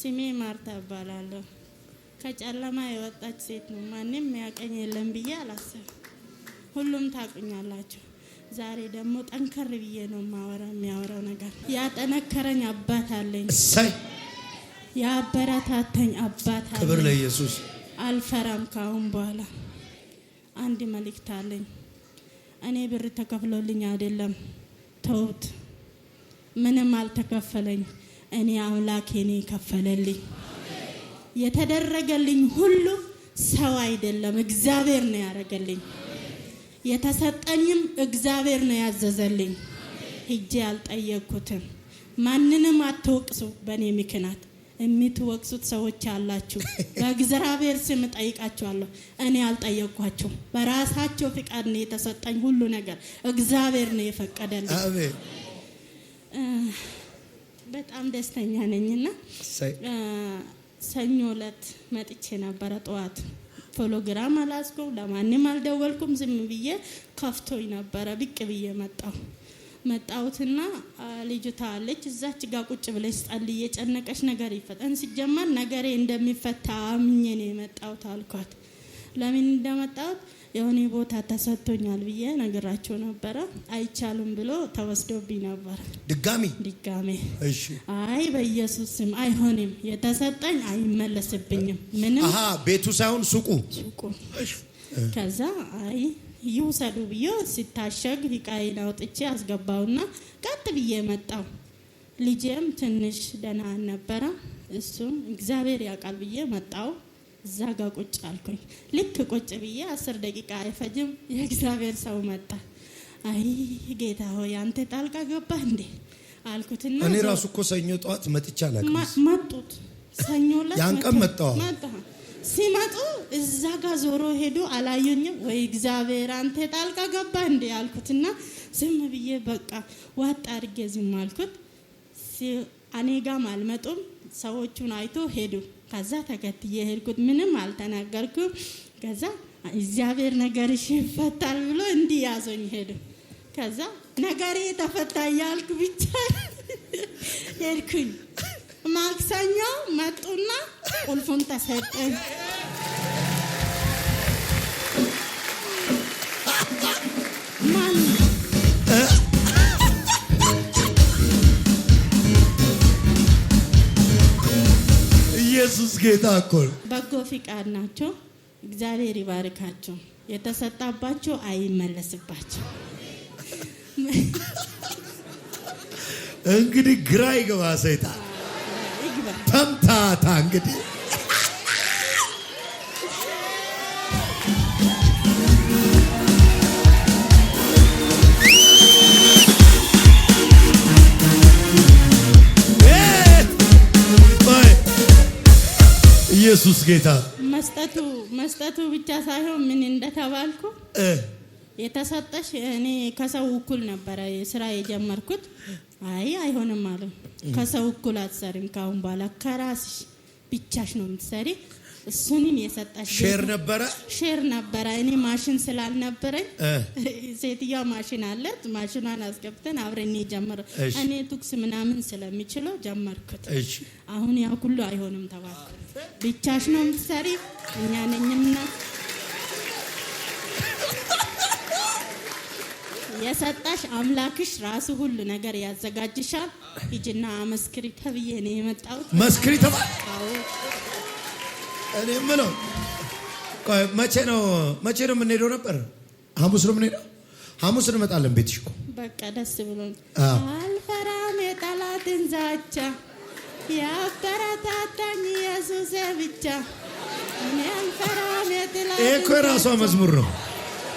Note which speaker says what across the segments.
Speaker 1: ስሜ ማርታ እባላለሁ። ከጨለማ የወጣች ሴት ነው። ማንም ያቀኝ የለም ብዬ አላሰብ። ሁሉም ታቁኛላችሁ። ዛሬ ደግሞ ጠንከር ብዬ ነው ማወራ የሚያወራው ነገር ያጠነከረኝ አባት አለኝ። እሰይ ያበረታተኝ አባት አለኝ።
Speaker 2: ክብር ለኢየሱስ።
Speaker 1: አልፈራም። ካሁን በኋላ አንድ መልእክት አለኝ። እኔ ብር ተከፍሎልኝ አይደለም ተውት፣ ምንም አልተከፈለኝ እኔ አምላክ እኔ ከፈለልኝ። የተደረገልኝ ሁሉ ሰው አይደለም እግዚአብሔር ነው ያደረገልኝ። የተሰጠኝም እግዚአብሔር ነው ያዘዘልኝ። ሂጄ አልጠየቅኩትም። ማንንም አትወቅሱ በእኔ ምክንያት። የምትወቅሱት ሰዎች አላችሁ። በእግዚአብሔር ስም ጠይቃችኋለሁ። እኔ አልጠየቅኳቸውም። በራሳቸው ፍቃድ ነው የተሰጠኝ ሁሉ ነገር። እግዚአብሔር ነው የፈቀደልኝ። በጣም ደስተኛ ነኝና ሰኞ ዕለት መጥቼ ነበረ ጠዋት ፎሎግራም አላዝኩም፣ ለማንም አልደወልኩም። ዝም ብዬ ከፍቶኝ ነበረ ብቅ ብዬ መጣሁ መጣሁትና ልጅቷ አለች እዛች ጋ ቁጭ ብለሽ ጸልይ፣ እየጨነቀች ነገር ይፈጠን። ሲጀመር ነገሬ እንደሚፈታ አምኜ ነው የመጣሁት አልኳት። ለምን እንደመጣሁት የሆነ ቦታ ተሰጥቶኛል ብዬ ነግራቸው ነበረ። አይቻልም ብሎ ተወስዶብኝ ነበር። ድጋሚ ድጋሚ አይ በኢየሱስ ስም አይሆንም፣ የተሰጠኝ አይመለስብኝም።
Speaker 2: ምንም ቤቱ ሳይሆን ሱቁ
Speaker 1: ሱቁ ከዛ አይ ይውሰዱ ብዬ ሲታሸግ ሂቃይን አውጥቼ አስገባውና ቀጥ ብዬ መጣው። ልጄም ትንሽ ደህና ነበረ እሱም እግዚአብሔር ያውቃል ብዬ መጣው። እዛ ጋ ቁጭ አልኩኝ። ልክ ቁጭ ብዬ አስር ደቂቃ አይፈጅም የእግዚአብሔር ሰው መጣ። አይ ጌታ ሆይ አንተ ጣልቃ ገባ እንዴ አልኩትና
Speaker 2: እኔ ራሱ እኮ ሰኞ ጠዋት መጥቼ
Speaker 1: አላውቅም። መጡት ሰኞ
Speaker 2: ያን ቀን መጣሁ።
Speaker 1: ሲመጡ እዛ ጋ ዞሮ ሄዱ፣ አላዩኝም። ወይ እግዚአብሔር አንተ ጣልቃ ገባ እንዴ አልኩትና ዝም ብዬ በቃ ዋጥ አድርጌ ዝም አልኩት። እኔ ጋም አልመጡም። ሰዎቹን አይቶ ሄዱ። ከዛ ተከትዬ ሄድኩት። ምንም አልተናገርኩም። ከዛ እግዚአብሔር ነገርሽ ይፈታል ብሎ እንዲህ ያዞኝ ሄዱ። ከዛ ነገሬ የተፈታ እያልኩ ብቻ ሄድኩኝ። ማክሰኞ መጡና ቁልፉን ተሰጠኝ። ጌታ እኮ በጎ ፍቃድ ናቸው። እግዚአብሔር ይባርካቸው። የተሰጣባቸው አይመለስባቸው።
Speaker 2: እንግዲህ ግራ ይገባ ሰይጣን ተምታታ እንግዲህ ኢየሱስ ጌታ
Speaker 1: መስጠቱ መስጠቱ ብቻ ሳይሆን ምን እንደተባልኩ የተሰጠሽ እኔ ከሰው እኩል ነበረ ስራ የጀመርኩት። አይ አይሆንም አለ። ከሰው እኩል አትሰሪም፣ ካሁን በኋላ ከራስሽ ብቻሽ ነው የምትሰሪ እሱንም የሰጠች
Speaker 2: ሼር ነበረ
Speaker 1: ሼር ነበረ። እኔ ማሽን ስላልነበረኝ ሴትዮዋ ማሽን አለት ማሽኗን አስገብተን አብረን ጀመረ። እኔ ቱክስ ምናምን ስለሚችለው ጀመርኩት። አሁን ያ ሁሉ አይሆንም ተባልኩ። ብቻሽ ነው የምትሰሪ እኛ ነኝምና የሰጣሽ አምላክሽ ራሱ ሁሉ ነገር ያዘጋጅሻል። ሂጅና አመስክሪ ተብዬ ነው የመጣሁት።
Speaker 2: መስክሪ ተባል እኔ ምለው መቼ ነው መቼ ነው የምንሄደው ነበር? ሐሙስ ነው የምንሄደው። ሐሙስ እንመጣለን። ቤትሽ እኮ
Speaker 1: በቃ ደስ ብሎኝ አልፈራም የጠላትን ዛቻ ያበረታታኝ ኢየሱሴ ብቻ። አልፈራም የጠላትን
Speaker 2: ይሄ እኮ የራሷ መዝሙር ነው።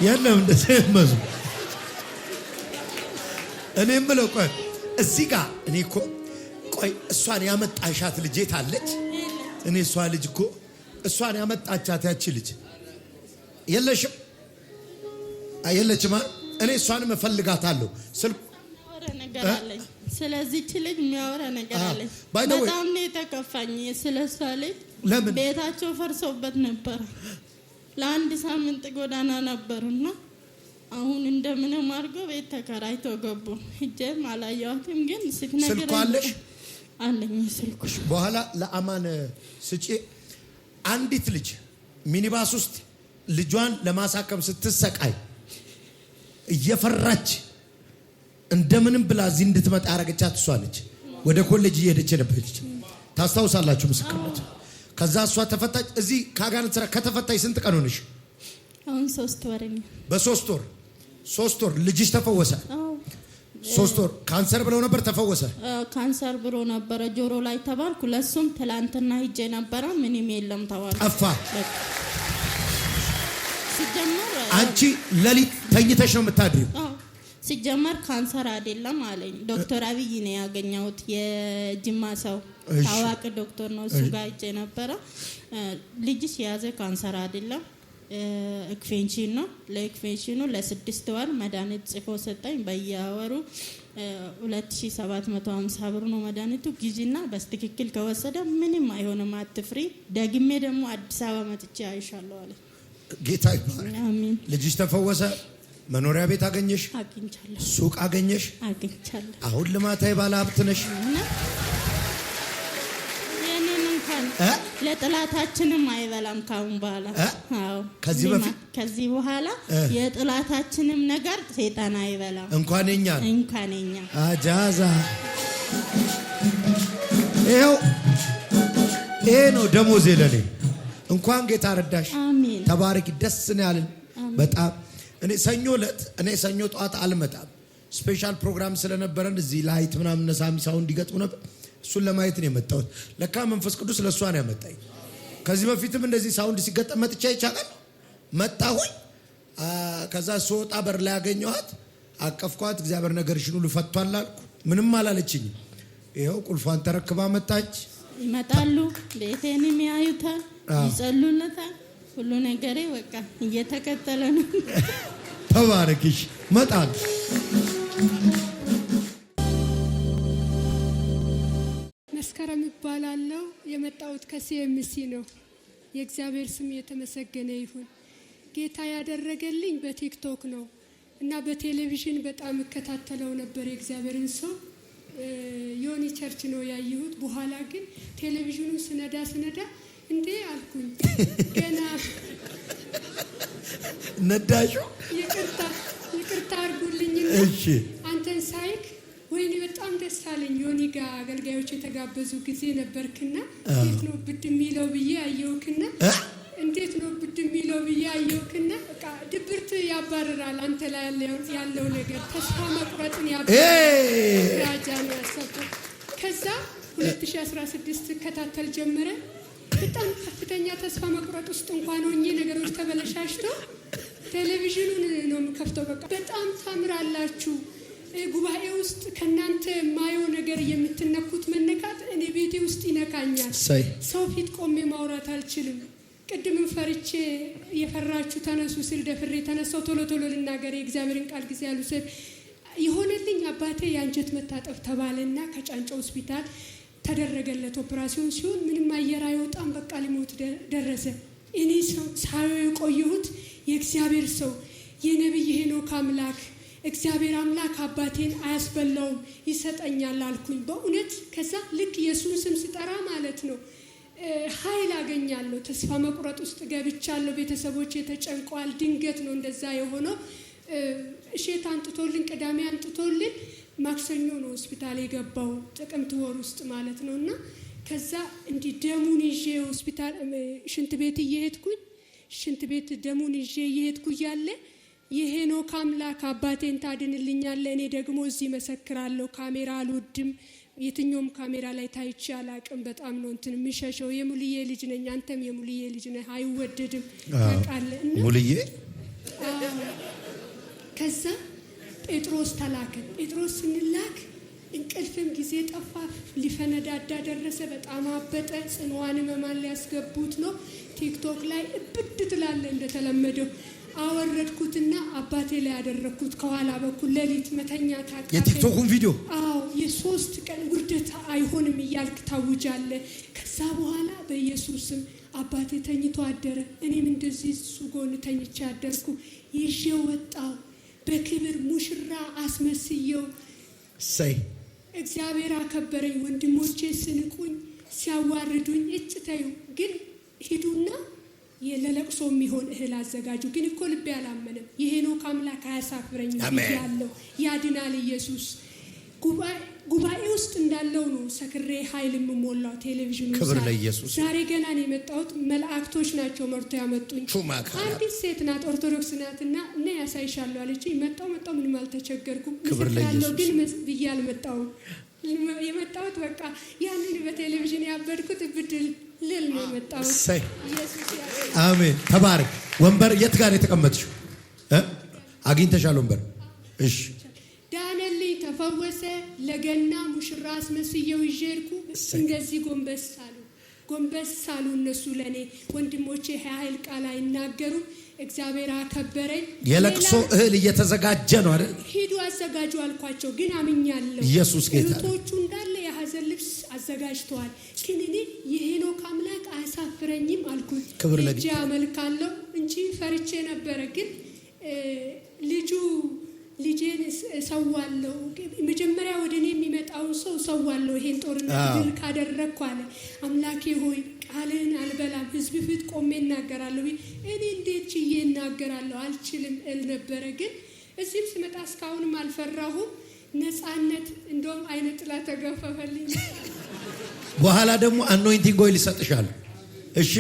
Speaker 2: የለም እንደዚህ መዝሙር እኔ ምለው ቆይ እዚህ ጋር እኔ እኮ ቆይ እሷን ያመጣሻት ልጄ ታለች። እኔ እሷ ልጅ እኮ እሷን ያመጣቻት ያቺ ልጅ የለሽም፣ የለችማ። እኔ እሷንም እፈልጋታለሁ።
Speaker 1: ስለዚች ልጅ የሚያወራ ነገር አለኝ። በጣም ነው የተከፋኝ። ስለ እሷ ልጅ ቤታቸው ፈርሶበት ነበር ለአንድ ሳምንት ጎዳና ነበሩና አሁን እንደምንም አድርጎ ቤት ተከራይቶ ገቡ። ሂጄም አላየኋትም፣ ግን
Speaker 2: ስትነግረኝ
Speaker 1: አለኝ ስልኩ
Speaker 2: በኋላ ለአማን ስጪ አንዲት ልጅ ሚኒባስ ውስጥ ልጇን ለማሳከም ስትሰቃይ እየፈራች እንደምንም ብላ እዚህ እንድትመጣ ያደረገቻት እሷ ነች። ወደ ኮሌጅ እየሄደች የነበረች ታስታውሳላችሁ፣ ምስክርነት። ከዛ እሷ ተፈታች። እዚህ ከአጋንንት ስራ ከተፈታች ስንት ቀን ሆነሽ?
Speaker 1: አሁን ሶስት ወር።
Speaker 2: በሶስት ወር ሶስት ወር ልጅሽ ተፈወሰ። ሶስት ወር ካንሰር ብለው ነበር፣ ተፈወሰ።
Speaker 1: ካንሰር ብሎ ነበረ ጆሮ ላይ ተባልኩ። ለሱም ትላንትና ሂጄ ነበረ፣ ምንም የለም ተባልኩ።
Speaker 2: ጠፋ። ሲጀመር አንቺ ሌሊት ተኝተሽ ነው የምታድሪው።
Speaker 1: ሲጀመር ካንሰር አይደለም አለኝ ዶክተር አብይ ነው ያገኘሁት። የጅማ ሰው ታዋቂ ዶክተር ነው። እሱ ጋር ሂጄ ነበረ። ልጅሽ የያዘ ካንሰር አይደለም ነው ለኢክፌንቺኖ ለስድስት ወር መድኃኒት ጽፎ ሰጠኝ። በየወሩ 2750 ብር ነው መድኃኒቱ። ጊዜና በስትክክል ከወሰደ ምንም አይሆንም፣ አትፍሪ። ደግሜ ደግሞ አዲስ አበባ መጥቼ አይሻለሁ አለ
Speaker 2: ጌታ። ልጅሽ ተፈወሰ። መኖሪያ ቤት አገኘሽ፣ ሱቅ አገኘሽ፣
Speaker 1: አግኝቻለሁ።
Speaker 2: አሁን ልማታዊ ባለ ሀብት ነሽ።
Speaker 1: ለጥላታችንም አይበላም ካሁን በኋላ። ከዚህ በፊት ከዚህ በኋላ የጥላታችንም ነገር ሴጣን አይበላም። እንኳን እኛ እንኳን እኛ
Speaker 2: አጃዛ ይኸው ይሄ ነው ደሞዝ የለኔ። እንኳን ጌታ ረዳሽ። ተባረኪ። ደስ ነው ያለን በጣም እኔ ሰኞ ዕለት እኔ ሰኞ ጠዋት አልመጣም። ስፔሻል ፕሮግራም ስለነበረን እዚህ ላይት ምናምን ሳሚ ሳውንድ ይገጥሙ ነበር እሱን ለማየት ነው የመጣሁት። ለካ መንፈስ ቅዱስ ለእሷ ነው ያመጣኝ። ከዚህ በፊትም እንደዚህ ሳውንድ ሲገጠም መጥቻ ይቻላል መጣሁኝ። ከዛ ስወጣ በር ላይ ያገኘኋት፣ አቀፍኳት። እግዚአብሔር ነገርሽን ሁሉ ፈቷል አልኩ። ምንም አላለችኝም። ይኸው ቁልፏን ተረክባ መጣች።
Speaker 1: ይመጣሉ፣ ቤቴንም ያዩታል፣ ይጸሉለታል። ሁሉ ነገሬ በቃ እየተከተለ ነው።
Speaker 2: ተባረክሽ። መጣል
Speaker 1: መስከረም እባላለሁ። የመጣሁት ከሲኤምሲ ነው። የእግዚአብሔር ስም የተመሰገነ ይሁን። ጌታ ያደረገልኝ በቲክቶክ ነው እና በቴሌቪዥን በጣም እከታተለው ነበር የእግዚአብሔርን ሰው ዮኒ ቸርች ነው ያየሁት። በኋላ ግን ቴሌቪዥኑ ስነዳ ስነዳ እንዴ አልኩኝ። ገና ነዳሹ ይቅርታ ይቅርታ አድርጉልኝና ደስ አለኝ። ዮኒ ጋ አገልጋዮች የተጋበዙ ጊዜ ነበርክና እንዴት ነው ብድ የሚለው ብዬ አየውክና እንዴት ነው ብድ የሚለው ብዬ አየውክና ድብርት ያባርራል። አንተ ላይ ያለው ነገር ተስፋ መቁረጥን ያራጃ ነው ያሰብኩት። ከዛ 2016 ከታተል ጀምረ በጣም ከፍተኛ ተስፋ መቁረጥ ውስጥ እንኳን ሆኜ ነገሮች ተበለሻሽተው ቴሌቪዥኑን ነው የምከፍተው። በቃ በጣም ታምራላችሁ ጉባኤ ውስጥ ከእናንተ የማየው ነገር የምትነኩት መነካት እኔ ቤቴ ውስጥ ይነካኛል። ሰው ፊት ቆሜ ማውራት አልችልም። ቅድምም ፈርቼ የፈራችሁ ተነሱ ስል ደፍሬ ተነሳው። ቶሎ ቶሎ ልናገር የእግዚአብሔርን ቃል ጊዜ ያሉ ስል የሆነልኝ አባቴ የአንጀት መታጠፍ ተባለና ከጫንጫ ሆስፒታል ተደረገለት። ኦፕራሲዮን ሲሆን ምንም አየር አይወጣም፣ በቃ ሊሞት ደረሰ። እኔ ሰው ሳየው የቆየሁት የእግዚአብሔር ሰው የነቢይ ሄኖክ አምላክ እግዚአብሔር አምላክ አባቴን አያስበላውም ይሰጠኛል አልኩኝ። በእውነት ከዛ ልክ የእሱን ስም ስጠራ ማለት ነው ሀይል አገኛለሁ። ተስፋ መቁረጥ ውስጥ ገብቻለሁ። ቤተሰቦች ተጨንቀዋል። ድንገት ነው እንደዛ የሆነው። እሼት አንጥቶልን፣ ቅዳሜ አንጥቶልን ማክሰኞ ነው ሆስፒታል የገባው ጥቅምት ወር ውስጥ ማለት ነው እና ከዛ እንዲ ደሙን ይዤ ሆስፒታል ሽንት ቤት እየሄድኩኝ ሽንት ቤት ደሙን ይዤ እየሄድኩ እያለ የሄኖክ አምላክ አባቴን ታድንልኛለ። እኔ ደግሞ እዚህ መሰክራለሁ። ካሜራ አልወድም። የትኛውም ካሜራ ላይ ታይቼ አላቅም። በጣም ነው እንትን የሚሸሸው። የሙልዬ ልጅ ነኝ፣ አንተም የሙልዬ ልጅ ነህ። አይወደድም
Speaker 2: ታውቃለህ። ሙልዬ
Speaker 1: ከዛ ጴጥሮስ ተላከን። ጴጥሮስ ስንላክ እንቅልፍም ጊዜ ጠፋ፣ ሊፈነዳዳ ደረሰ። በጣም አበጠ። ጽንዋን መማን ሊያስገቡት ነው። ቲክቶክ ላይ እብድ ትላለ እንደተለመደው አወረድኩትና አባቴ ላይ ያደረግኩት ከኋላ በኩል ሌሊት መተኛት
Speaker 2: የቲክቶኩን ቪዲዮ
Speaker 1: አዎ የሶስት ቀን ውርደት አይሆንም እያልክ ታውጃለ። ከዛ በኋላ በኢየሱስም አባቴ ተኝቶ አደረ። እኔም እንደዚህ እሱ ጎን ተኝቼ አደርኩ። ይዤ ወጣው በክብር ሙሽራ አስመስየው ሰይ እግዚአብሔር አከበረኝ። ወንድሞቼ ስንቁኝ፣ ሲያዋርዱኝ እጭ ግን ሂዱና ለለቅሶ የሚሆን እህል አዘጋጁ። ግን እኮ ልቤ አላመንም። የሄኖክ አምላክ አያሳፍረኝ ያለው ያድናል ኢየሱስ ጉባኤ ውስጥ እንዳለው ነው። ሰክሬ ኃይል የምሞላው ቴሌቪዥኑ
Speaker 2: ክብር ለኢየሱስ።
Speaker 1: ዛሬ ገና ነው የመጣሁት። መላእክቶች ናቸው መርቶ ያመጡኝ። አንዲት ሴት ናት፣ ኦርቶዶክስ ናት እና እና ያሳይሻለሁ አለችኝ። መጣሁ መጣሁ፣ ምንም አልተቸገርኩም።
Speaker 2: ክብር ለኢየሱስ።
Speaker 1: ግን ብዬ አልመጣሁም የመጣሁት በቃ ያንን በቴሌቪዥን ያበድኩት ብድል ልል ነው የመጣሁት።
Speaker 2: አሜን። ተባረክ። ወንበር የት ጋር የተቀመጥሽው? አግኝተሻል ወንበር? እሺ።
Speaker 1: ዳነልኝ፣ ተፈወሰ። ለገና ሙሽራ አስመስየው ይዤ ሄድኩ። እንደዚህ ጎንበስ አሉ፣ ጎንበስ አሉ እነሱ ለእኔ ወንድሞቼ ኃይል ቃል አይናገሩም። እግዚአብሔር አከበረኝ።
Speaker 2: የለቅሶ እህል እየተዘጋጀ ነው አይደል?
Speaker 1: ሂዱ አዘጋጁ አልኳቸው፣ ግን አምኛለሁ። ኢየሱስ ጌታ እህቶቹ እንዳለ የሀዘን ልብስ አዘጋጅተዋል፣ ግን እኔ የሄኖክ አምላክ አያሳፍረኝም አልኩኝ። ክብር ለእጄ አመልካለሁ እንጂ ፈርቼ ነበረ። ግን ልጁ ልጄን እሰዋለሁ መጀመሪያ ወደ ሰው ሰዋለሁ ይሄን ጦርነት ድል ካደረግኩ አለ። አምላኬ ሆይ ቃልን አልበላም፣ ህዝብ ፊት ቆሜ እናገራለሁ። እኔ እንዴት ችዬ እናገራለሁ? አልችልም እል ነበረ። ግን እዚህም ስመጣ እስካሁንም አልፈራሁም። ነፃነት እንደውም አይነ ጥላ ተገፈፈልኝ።
Speaker 2: በኋላ ደግሞ አኖይንቲንግ ኦይል ይሰጥሻል። እሺ